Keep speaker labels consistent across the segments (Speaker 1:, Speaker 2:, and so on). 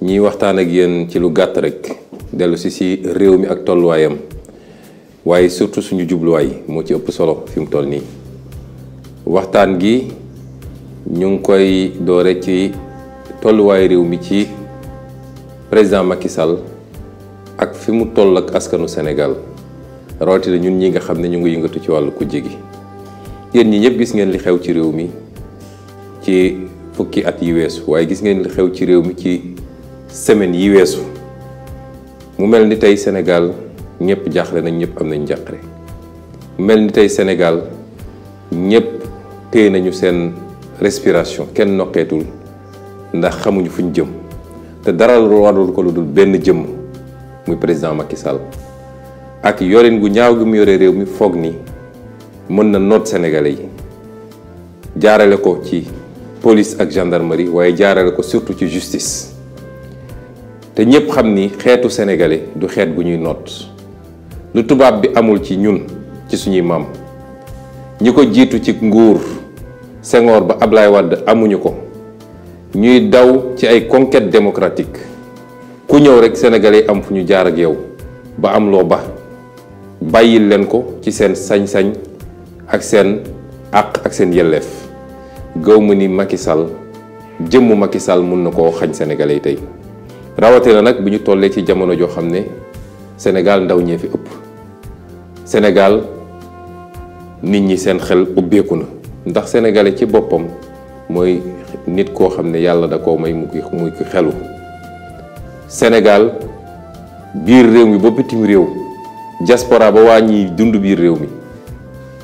Speaker 1: ñi waxtaan ak yeen ci lu gatt rek delu ci ci rew mi ak wayam waye surtout suñu way mo ci ëpp solo fim toll ni waxtaan gi ñu ngi koy doore ci way rew mi ci président Macky Sall ak fimu tol toll ak askanu Sénégal rawatina ñun ñi nga xamne ñu ngi yëngatu ci walu ku jigi yeen ñi ñepp gis ngeen li xew ci rew mi ci fukki at yi wess waye gis ngeen li xew ci rew mi ci semaines yi weesu mu mel ni tey senegal ñëpp jaaxle nañ ñëpp am nañ jàqare mel ni tey senegal ñëpp téye nañu seen respiration kenn noqeetul ndax xamuñu fuñ jëm te dara warul ko lu dul benn jëmm muy président Macky Sall ak yorin gu ñaaw gi mu yore réew mi foog ni mën na noot sénégalais yi jaarale ko ci police ak gendarmerie waaye jaarale ko surtout ci justice te ñëpp xam ni xeetu sénégalais du xeet bu ñuy noot lu tubaab bi amul ci ñun ci suñuy maam ñi ko jiitu ci nguur Senghor ba Ablaye amuñu ko ñuy daw ci ay conquête démocratique ku ñëw rek sénégalais am fu ñu jaar ak yow ba am loo ba bàyyil leen ko ci seen sañ-sañ ak seen àq ak seen yelleef gëw ma ni Macky Sall jëmmu Macky Sall mun na koo xañ sénégalais tey rawatina nag bi ñu tollee ci jamono joo xam ne Sénégal ndaw ñee fi ëpp Sénégal nit ñi seen xel ubbeeku na ndax sénégalais ci boppam mooy nit koo xam ne yàlla da koo may mu ki muy ki xelu Sénégal biir réew mi ba bitim réew diaspora ba waa ñiy dund biir réew mi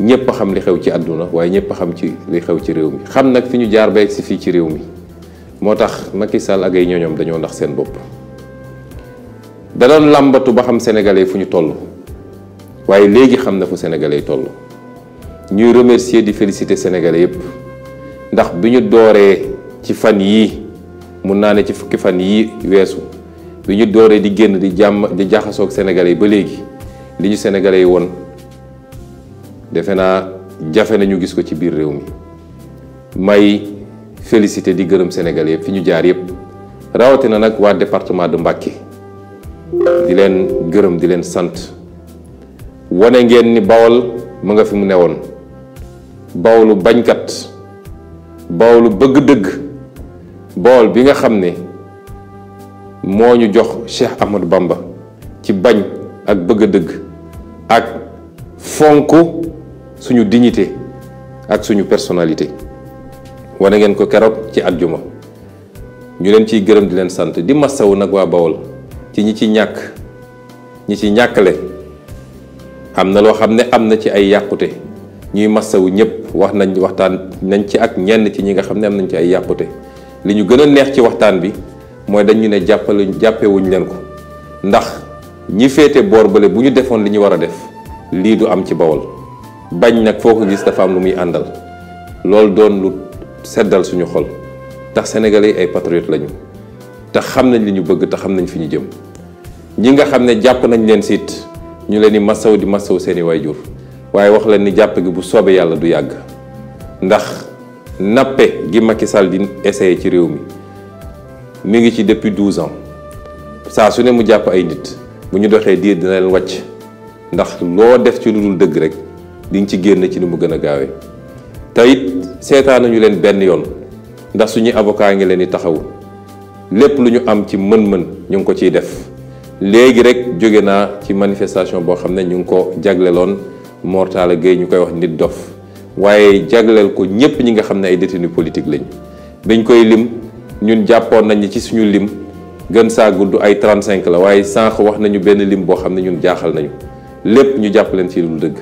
Speaker 1: ñëpp a xam li xew ci àdduna waaye ñëpp a xam ci li xew ci réew mi xam nag fi ñu jaar ba egg si fii ci réew mi moo tax Macky Sall ak ay ñooñoom dañoo ndax seen bopp da làmbatu ba xam sénégalais fu ñu toll waaye léegi xam na fu sénégalais toll ñuy remercier di féliciter sénégalais yépp ndax bi ñu dooree ci fan yii mun naa ne ci fukki fan yii weesu bi ñu dooree di génn di jàmm di jaxasoog sénégalais yi ba léegi li ñu sénégalais yi woon defe naa jafe nañu gis ko ci biir réew mi félicité di gërëm Sénégal yépp fi ñu jaar yëpp rawatina nag waa département de Mbacké di leen gërëm di leen sant wane ngeen ni Bawol ma nga fi mu newoon Bawolu bañkat bawlu bëgg dëgg Bawol bi nga xam ne jox Cheikh amadou Bamba ci bañ ak bëgg dëgg ak fonku suñu dignité ak suñu personnalité wane ngeen ko keroog ci at juma ñu leen ciy gërëm di leen sant di masawu nag waa Bawol ci ñi ci ñàkk ñi ci ñàkkale am na loo xam ne am na ci ay yàqute ñuy masawu ñëpp wax nañ waxtaan nañ ci ak ñenn ci ñi nga xam ne am nañ ci ay yàqute li ñu gën a neex ci waxtaan bi mooy dañ ne jàppale jàppewuñ leen ko ndax ñi féete boor bale bu ñu defoon li ñu war a def lii du am ci Bawol bañ nag foo ko gis dafa am lu muy àndal loolu doon lu sédal suñu xol tax sénégalais ay patriote lañu te xam nañ li ñu bëgg te xam nañ fi ñu jëm ñi nga xam ne nañ leen sit ñu leen di massaw di massaw seeni wayjur waaye wax leen ni japp gi bu soobee yàlla du yàgg ndax nappe gi Macky Sall di essayé ci réew mi mi ngi ci depuis 12 ans saa su ne mu japp ay nit bu ñu doxee diir dina leen wàcc ndax loo def ci lu dul rek di ci génn ci nu mu gën a te it seetaanuñu leen benn yoon ndax suñuy abokaa ngi leen di taxawu lépp lu ñu am ci mën-mën ñu ngi ko ciy def léegi rek jóge naa ci manifestation boo xam ne ñu ngi ko jagleeloon Mor Talla Gueye ñu koy wax nit dof waaye jagleel ko ñépp ñi nga xam ne ay détenus politique lañ biñ koy lim ñun jàppoon nañ ci suñu lim gën saa gudd ay 35 la waaye sànq wax nañu benn lim boo xam ne ñun jaaxal nañu lépp ñu jàpp leen ci lu dëgg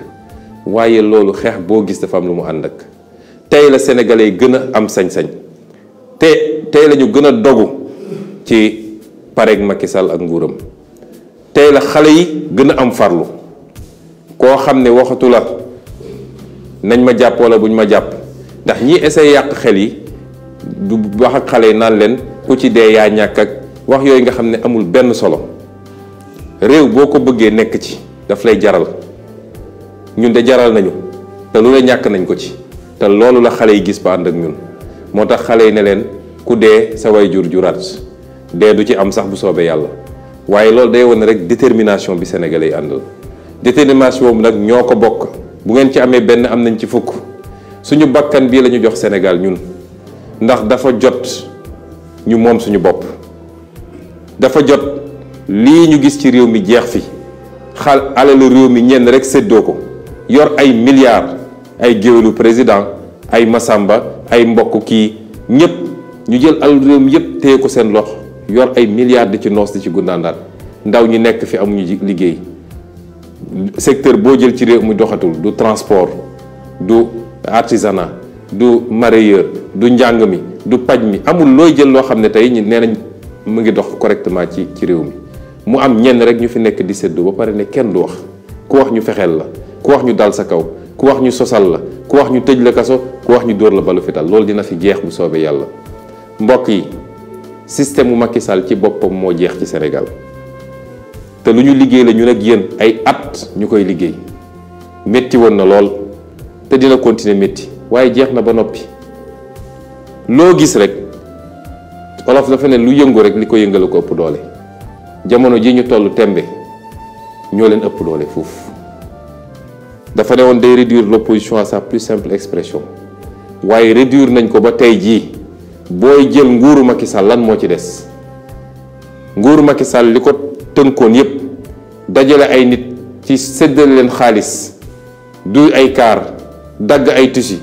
Speaker 1: waaye loolu xeex boo gis dafa am lu mu ànd ak tey la sénégalais yi gën a am sañ-sañ te tey la ñu gën a dogu ci pareeg ma kisal ak nguuram tey la xale yi gën a am farlu koo xam ne waxatu la nañ ma jàpp wala buñ ma jàpp ndax ñi essayé yàq xel yi du wax ak xale yi naan leen ku ci dee yaa ñàkk ak wax yooyu nga xam ne amul benn solo réew boo ko bëggee nekk ci daf lay jaral ñun de jaral nañu te lu la ñàkk nañ ko ci te loolu la xale yi gis ba ànd ak ñun moo tax xale yi ne leen ku dee sa jur juraat dee du ci am sax bu soobee yàlla waaye loolu day wane rek détermination bi sénégalais ànd àndal détermination boobu nag ñoo ko bokk bu ngeen ci amee benn am nañ ci fukk suñu bakkan bii la jox Sénégal ñun ndax dafa jot ñu moom suñu bopp dafa jot lii ñu gis ci réew mi jeex fi xal alalu réew mi ñenn rek séddoo ko yor ay milliards ay géwélu président ay Masamba ay mbokk kii ñëpp ñu jël alal réew mi yëpp téye ko seen lox yor ay milliards di ci noos di ci gundaandaat ndaw ñi nekk fi amuñu liggéey secteur boo jël ci réew mi doxatul du transport du artisanat du mareyeur du njàng mi du paj mi amul looy jël loo xam ne tey nee nañ mu ngi dox correctement ci ci réew mi mu am ñenn rek ñu fi nekk di séddoo ba pare ne kenn du wax ku wax ñu fexeel la ku wax ñu dal sa kaw ku wax ñu sosal la ku wax ñu tëj la kaso ku wax ñu dóor la balu fital loolu dina fi jeex bu soobee yàlla mbokk yi système mu Macky Sall ci boppam moo jeex ci senegal te lu ñu liggéey la ñun ak yéen ay at ñu koy liggéey métti woon na lool te dina continuer métti waaye jeex na ba noppi loo gis rek olof dafa ne lu yëngu rek li ko yëngale ko ëpp doole jamono ji ñu toll tembe ñoo leen ëpp doole fuuf dafa ne woon réduire l'opposition à sa plus simple expression waaye réduire nañ ko ba tay ji boy jël ngourou Macky Sall lan mo ci dess ngourou Macky Sall li ko yépp dajale ay nit ci séddale leen xaalis du ay car dag ay tusi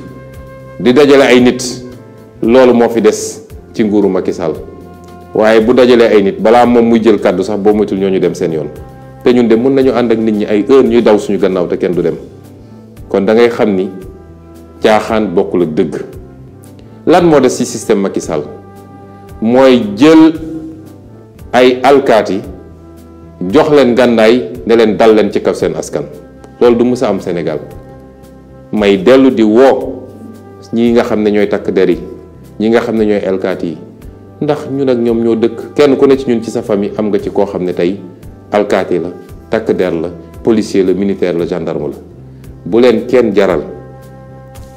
Speaker 1: di dajale ay nit loolu mo fi dess ci ngourou Macky Sall bu dajalee ay nit bala mom muy jël cadeau sax bo dem sen yoon te ñun dem mën nañu and ak nit ñi ay heure ñuy daw suñu gannaaw te kenn du dem kon da ngay xamni tiaxan caaxaan ak lan mo de ci système Macky Sall moy jël ay alkati jox len gànnaay ne len dal len ci kaw sen askan loolu du musa am Sénégal may delu di wo ñi nga xamne ñoy tak deri ñi nga xamne ñoy alkati ndax ñun ak ñom ñoo dëkk kenn ku ne ci ñun ci sa famille am nga ci ko xamne tay alkati la tak der la policier la militaire la gendarme la bu leen kenn jaral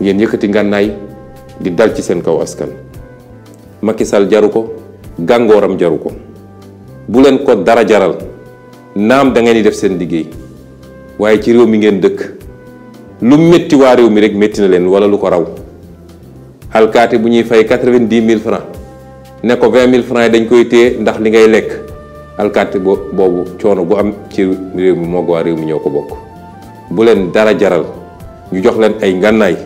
Speaker 1: ngeen yëkkati ngànnaay di dal ci seen kaw askan Macky Sall jaru ko gàngooram jaru ko bu leen ko dara jaral naam da ngeen di def seen liggéey waaye ci réew mi ngeen dëkk lu metti waa réew mi rek métti na leen wala lu ko raw alkaati bu ñuy fay quatre vingt mille francs ne ko vingt mille francs yi dañ koy téye ndax li ngay lekk alkaati boobu coono bu am ci réew mi moo waa réew mi ñoo ko bokk bu leen dara jaral ñu jox leen ay ngànnaay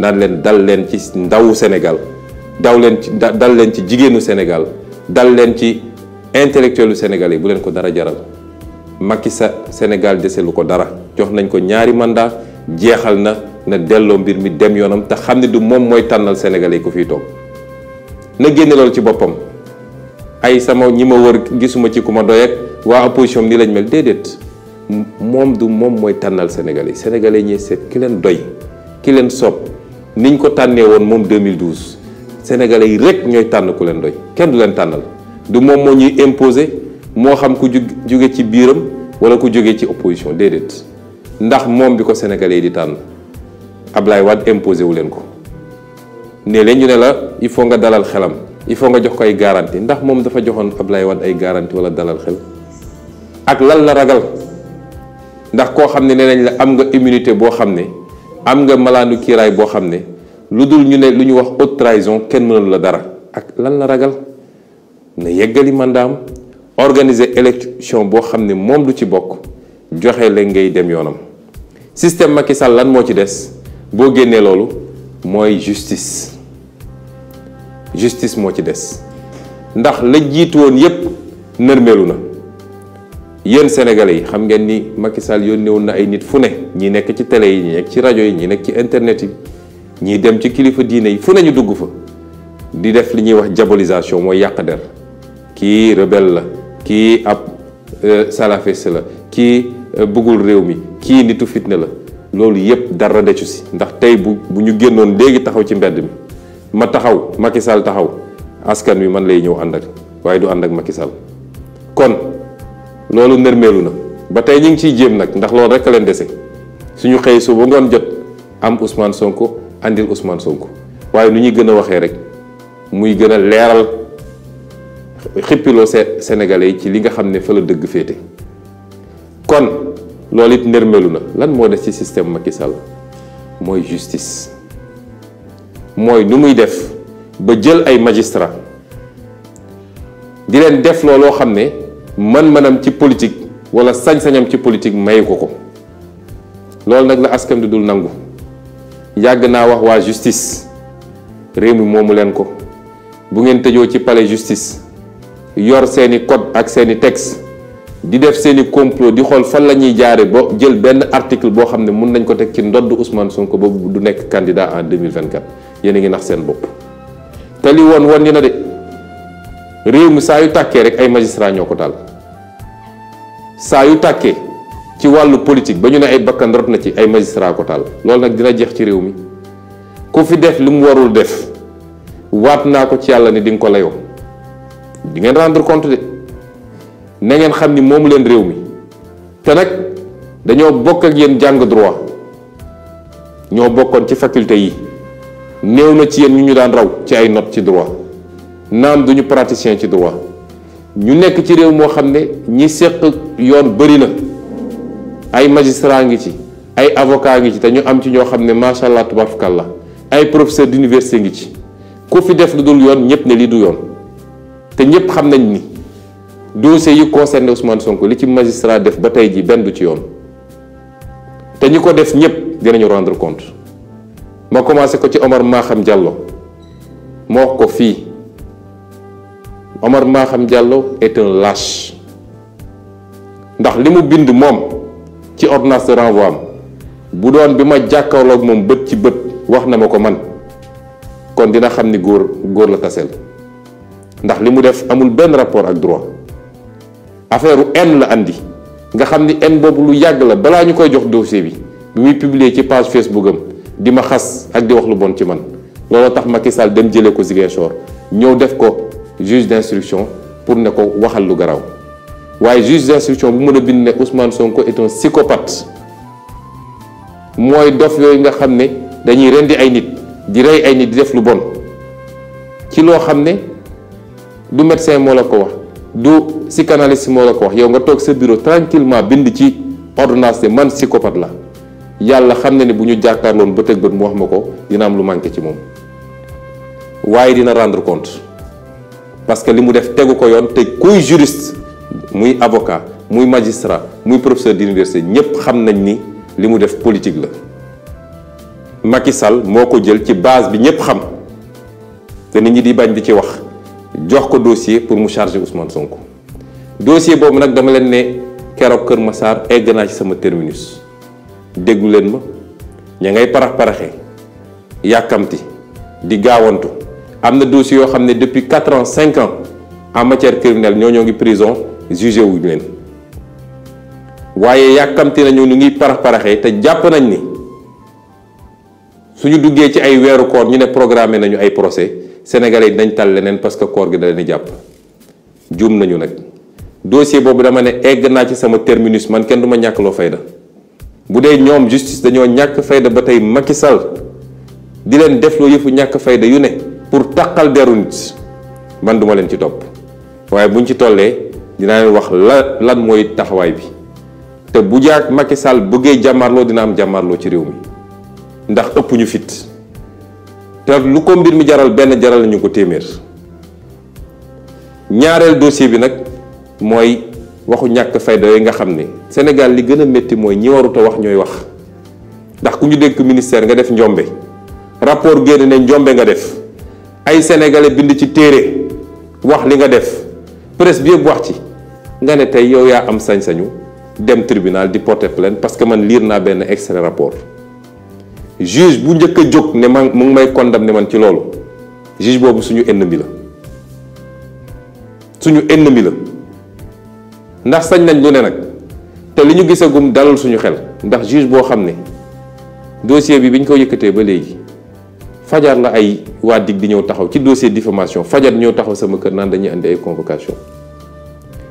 Speaker 1: naan leen dal leen ci ndawu Sénégal daw leen ci dal leen ci jigéenu Sénégal dal leen ci intellectuelu Sénégal yi bu leen ko dara jaral Macky sa Sénégal dese lu ko dara jox nañ ko ñaari mandat jeexal na na delloo mbir mi dem yoonam te xam ne du moom mooy tànnal Sénégal yi ku fiy toog na génne loolu ci boppam ay sama ñi ma wër gisuma ci ku ma doy waa opposition ni lañ mel déedéet moom du moom mooy tànnal sénégalais sénégalais ñi seet ki leen doy ki leen sopp niñ ko tànnee woon moom 2012 sénégalais yi rek ñooy tànn ku leen doy kenn du leen tànnal du moom moo ñuy imposé moo xam ku ju jóge ci biiram wala ku jóge ci opposition déedéet ndax moom bi ko sénégalais yi di tànn ab Ablaye Wade imposé wu leen ko ne leen ñu ne la il faut nga dalal xelam il faut nga jox ko ay garanti ndax moom dafa joxoon Ablaye Wade ay garanti wala dalal xel ak lan la ndax koo xam ne ne nañ la am nga immunité boo xam ne am nga malaanu kiiraay boo xam ne lu dul ñu ne lu ñu wax haute trahison kenn mënul la dara ak lan la ragal na yeggali mandaam organiser élection boo xam ne moom du ci bokk joxe la ngay dem yoonam système Macky Sall lan moo ci des boo génnee loolu mooy justice justice moo ci des ndax la jiitu woon yépp nërmeelu na yéen sénégalais yi xam ngeen ni Macky Sall yónnee woon na ay nit fu ne ñi nekk ci tele yi ñi nekk ci rajo yi ñi nekk ci internet yi ñiy dem ci kilifa diine yi fu ne ñu dugg fa di def li ñuy wax jabolisation mooy yàq der kii rebelle la kii ab euh, salafiste la kii euh, bëggul réew mi kii nitu fitne la loolu yépp dara decu si ndax tey bu bu ñu génnoon léegi taxaw ci mbedd mi ma taxaw Macky Sall taxaw askan wi man lay ñëw ànd ak waaye du ànd ak makisal kon loolu nërmeelu na ba tay ñi ngi nak jéem nag ndax loolu rek a leen suñu xey su bu ngon jot am Ousmane Sonko andil Ousmane Sonko waye nu ñi gëna waxé rek muy gëna léral xippilo xippiloo sénégalais ci li nga xamné fa la dëgg fété kon loolu it na lan mo dess ci système Macky Sall moy justice moy nu muy def ba jël ay magistrat di len def looloo ne man-manam ci politique wala sañ-sañam ci politique may ko ko lol nak la askan du dul nangu yag na wax wa justice réew mi moomu ko bu ngeen tejo ci palais justice yor seni code ak seni texte di def seni complot di xol fan la ñuy jaare bo jël ben article bo xamne mën nañ ko tek ci ndodd Ousmane Sonko bo du nek candidat en 2024 yene a ngi nax sen bop te li won ni na de réew mi sa yu rek ay magistrat ñoko dal sa yu takke ci walu politique bañu ne ay bakkan rot na ci ay magistrat ko tal lol nak dina jeex ci rew mi ku fi def lu mu warul def wat na ko ci yalla ni ding ko layo di ngeen rendre compte de na ngeen xamni ni leen rew mi te nak daño bok ak yeen jang droit ño bokkoon ci faculté yi newna ci yeen ñu ñu daan raw ci ay note ci droit nam duñu praticien ci droit ñu nekk ci rew mo xamne ñi sekk yoon bari na ay magistrat ngi ci ay avocat ngi ci te ñu am ci ño xamne ne macha allah tubarkalla ay professeur d'université ngi ci ku fi def lu dul yoon ñepp ne li du yoon te ñepp xam nañ ni dossier yi concerné Ousmane Sonko li ci magistrat def ba tay ji ben du ci yoon te ñiko def ñepp dinañu rendre compte ma commencé ko ci Omar Maham Diallo mo ko Omar Maham Diallo est un lâche ndax limu bind mom ci ordonnance de renvoi am bu doon bima jakkawlo ak mom beut ci beut wax na mako man kon dina xamni ni gor la tassel ndax limu def amul ben rapport ak droit affaire n la andi nga xamni ni n boobu lu yag la bala ñukoy jox dossier bi bi muy publier ci page facebook am di ma ak di wax lu bon ci man lolo tax Macky Sall dem jele ko Ziguinchor ñew def ko juge d'instruction pour ne ko waxal lu garaw waaye juge d'instruction bu mën a bind ne Ousmane Sonko est un psychopathe mooy dof yooyu nga xam dañuy rendi ay nit di rey ay nit di def lu bon ci lo xam du médecin mo la ko wax du psychanalyste mo la ko wax yow nga tok sa bureau tranquillement bind ci ordonnance man psychopathe la yalla xam ne ne bu ñu jàkkaarloon bët ak bët mu wax mako dina am lu manqué ci mom waye dina rendre compte parce que limu def teggu ko yon te kuy juriste muy avocat muy magistrat muy professeur d'université ñëpp xam nañ ni li def politique la Macky Sall jël ci base bi ñëpp xam te ñi di bañ di ci wax dossier pour mu charger Ousmane Sonko dossier dama ne Kër Massar ci sama terminus déglu leen ma ña ngay parax paraxee yàkkamti di gaawantu am dossier yoo depuis 4 ans 5 ans en matière criminelle ñoo ñoo en prison jugé wuñ leen waaye yàkkamti nañu nu ngi parax paraxee te jàpp nañ ni suñu duggee ci ay weeru koor ñu ne programme nañu ay procès sénégalais yi dañ tal leneen parce que koor gi da leen jàpp juum nañu nag dossier boobu dama ne egg naa ci sama terminus man kenn du ma ñàkk loo fayda bu dee ñoom justice dañoo ñàkk fayda ba tey Macky Sall di leen def loo yëfu ñàkk fayda yu ne pour taqal deru nit man duma leen ci topp waaye buñ ci tollee dinaa leen wax la lan mooy taxawaay bi te bu jaag Macky Sall bëggee jàmmarloo dina am jàmmarloo ci réew mi ndax ëpp ñu fit te lu ko mbir mi jaral benn jaral nañu ko téeméer ñaareel dossier bi nag mooy waxu ñàkk fayda yooyu nga xam ne Sénégal li gën a métti mooy ñi warut wax ñooy wax ndax ku ñu dénk ministère nga def njombe rapport génn ne njombe nga def ay sénégalais bind ci téere wax li nga def presse bi yëpp wax ci nga ne tey yow yaa am sañ-sañu dem tribunal di porter plainte parce que man lire naa benn extrait rapport juge bu njëkk a jóg ne man mu ngi may condamné man ci loolu juge boobu suñu ennemi la suñu ennemi la ndax sañ nañ lu ne nag te li ñu gisagum dalal suñu xel ndax juge boo xam ne dossier bi biñ ko yëkkatee ba léegi fajar la ay waa dig di ñëw taxaw ci dossier diffamation fajar ñëw taxaw sama kër naan dañuy indi ay convocation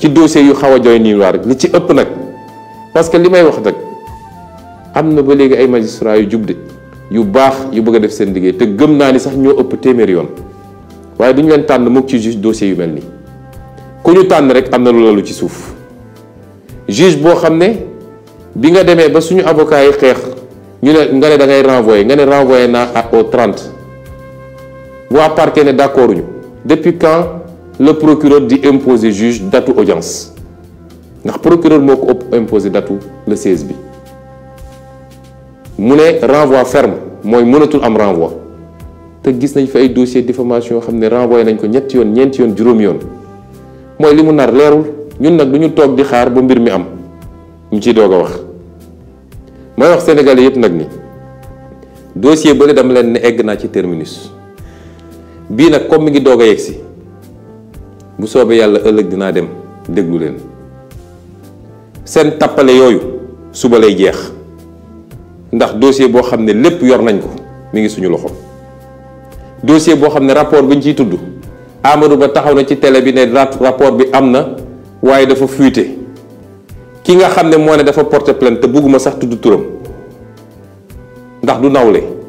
Speaker 1: ci dossier yu xaw a jooy nii waar li ci ëpp nag parce que li may wax nag am na ba léegi ay magistrats yu jub de yu baax yu bëgg a def seen liggéey te gëm naa ni sax ñoo ëpp téeméer yoon waaye duñu leen tànn mukk ci juge dossier yu mel nii ku ñu tànn rek am na lu lalu ci suuf juge boo xam ne bi nga demee ba suñu avocat yi xeex ñu ne nga ne da ngay renvoyer nga ne renvoyer naa au 30 waa parquet ne d'accorduñu depuis quand le procureur dit imposer juge date audience le procureur m'a imposé le 16 bi renvoi ferme mooy mënatul am renvoi te on nañ fi un dossier diffamation déformation xam ne a que ko ñetti yoon un que ne nar leerul ñun di xaar un mbir mi am sénégalais que dossier dama est terminus comme mi que bu soobee yàlla ëllëg dinaa dem déglu leen seen tappale yooyu suba lay jeex ndax dossier boo xam ne lépp yor nañ ko mi ngi suñu loxo dossier boo xam ne rapport bi ñu ciy tudd Amadou Ba taxaw na ci télé bi ne rapport bi am na waaye dafa fuité ki nga xam ne moo ne dafa porté plainte te bëgguma sax tudd turam ndax du nawle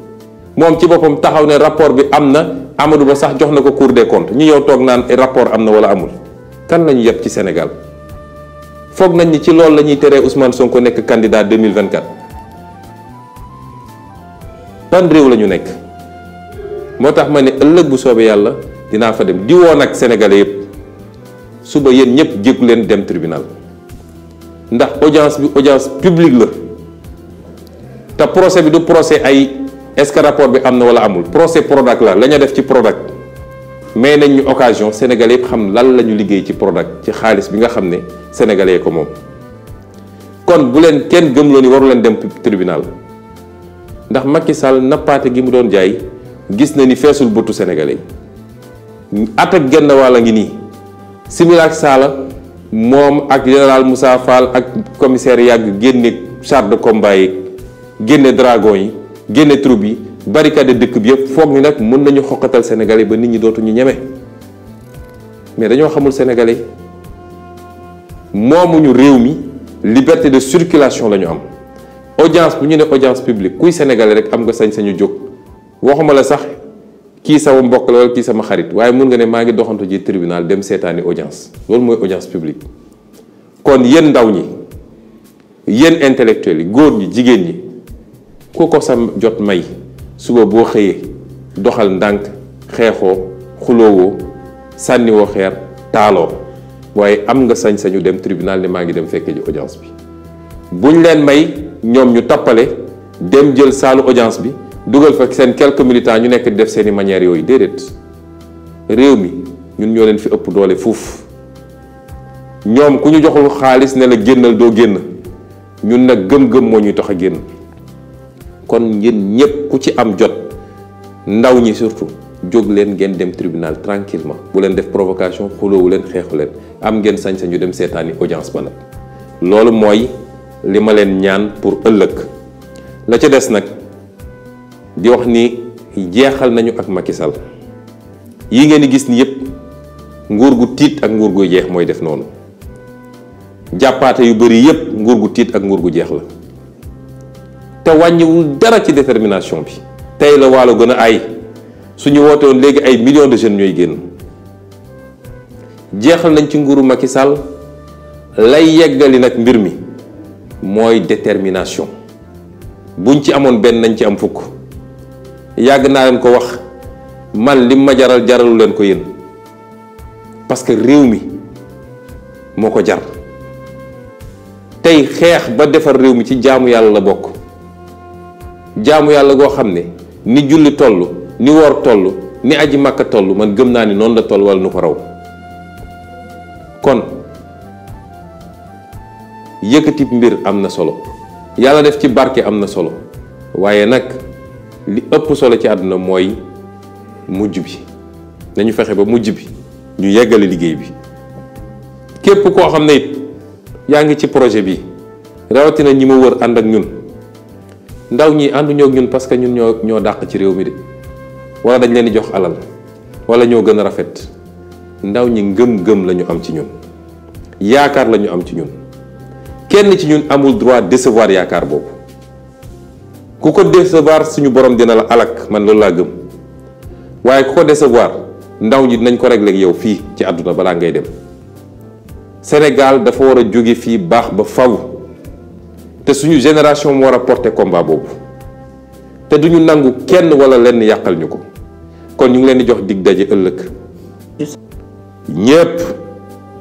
Speaker 1: mom ci bopam taxaw ne rapport bi amna Amadou Ba sax jox ko cour des comptes ñu yow tok naan rapport amna wala amul kan lañu yeb ci Sénégal fogg nañ ni ci lool lañuy téré Ousmane Sonko nek candidat 2024 ban rew lañu nek motax ne bu soobee yalla dina fa dem di wo nak sénégalais yëpp suba yeen ñëpp jéggu leen dem tribunal ndax audience bi audience publique la ta procès bi du procès ay est-ce que rapport bi am wala amul procès product la lañu def ci product mais nañ ñu occasion sénégalais yëpp xam lan lañu liggéey ci product ci xaalis bi nga xam ne sénégalais ko moom kon bu leen kenn gëmloo ni waru leen dem tribunal ndax Macky Sall nappaate gi mu doon jaay gis na ni feesul bëtu sénégalais at ak genn wàll ngi nii simila ak saala moom ak général Moussa Fall ak commissaire yàgg génne char de combat yi génne dragon yi génne troupe yi barricade dëkk bi yëpp foog ni nag mën nañu xoqatal sénégalais ba nit ñi dootuñu ñeme mais dañoo xamul sénégalais moomuñu réew mi liberté de circulation la ñu am audience bu ñu ne audience publique kuy sénégalais rek am nga sañ-sañu jóg waxuma la sax kii sama mbokk la wala kii sama xarit waaye mun nga ne maa ngi doxantu ji tribunal dem seetaani audience loolu mooy audience publique kon yéen ndaw ñi yéen intellectuels yi góor ñi jigéen ñi ku ko sa jot may suba boo xëyee doxal ndànk xeexoo xuloowoo sànniwoo xeer taaloo waaye am nga sañ-sañu dem tribunal ne maa ngi dem fekkee ji audience bi ñu leen may ñoom ñu tappale dem jël saalu audience bi dugal fa seen quelques militants ñu nekk di def seeni manières yooyu déedéet réew mi ñun ñoo leen fi ëpp doole fuuf ñoom ku ñu joxul xaalis ne la génnal doo génn ñun nag gëm-gëm moo ñuy tax a génn kon yéen ñepp ku ci am jot ndaw ñi surtout jog leen ngeen dem tribunal tranquillement bu leen def provocation wu leen xexu leen am ngeen sañ-sañu dem setani audience ba nak lolu moy lima leen ñaan pour ëllëg la ci dess nak di wax ni jeexal nañu ak Macky Sall yi ngeen di gis ni yépp nguur gu tit ak nguur gu jeex moy def nonu jàppaate yu bari yépp nguur gu tit ak nguur gu jeex la te wàññiwul dara ci détermination bi tey la waalo gën a ay suñu woote woon léegi ay millions de jeunes ñooy génn jeexal nañ ci nguuru Macky Sall lay yeggali nag mbir mi mooy détermination buñ ci amoon benn nañ ci am fukk yàgg naa leen ko wax man lim ma jaral jaralu leen ko yéen parce que réew mi moo ko jar tey xeex ba defar réew mi ci jaamu yàlla la bokk jaamu yàlla goo xam ne ni julli toll ni woor toll ni aji màkka toll man gëm naa ne noonu la toll wala nu ko raw kon yëkkati mbir am na solo yàlla def ci barke am na solo waaye nag li ëpp solo ci àdduna mooy mujj bi nañu fexe ba mujj bi ñu yeggale liggéey bi képp koo xam ne it yaa ngi ci projet bi rawatina ñi ma wër ànd ak ñun ndaw ñi ànduñoo ak ñun parce que ñun ñoo ñoo dàq ci réew mi de wala dañ leen di jox alal wala ñoo gën a rafet ndaw ñi ngëm-ngëm lañu ñu am ci ñun yaakaar la ñu am ci ñun kenn ci ñun amul droit décevoir yaakaar boobu ku ko décevoir suñu borom dina la alak man loolu laa gëm waaye ku ko décevoir ndaw ñi dinañ ko régler ak yow fii ci àdduna balaa ngay dem Sénégal dafa war a jóge fii baax ba faw te suñu génération mu war a porter combat boobu te duñu nangu kenn wala lenn yàqal ñu ko kon ñu ngi leen di jox dig daje ëllëg ñépp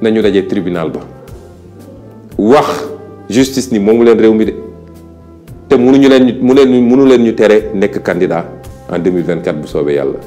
Speaker 1: nañu daje tribunal ba wax justice ni moomu leen réew mi de te ñu leen ñu mënu leen ñu tere nekk candidat en 2024 bu soobee yàlla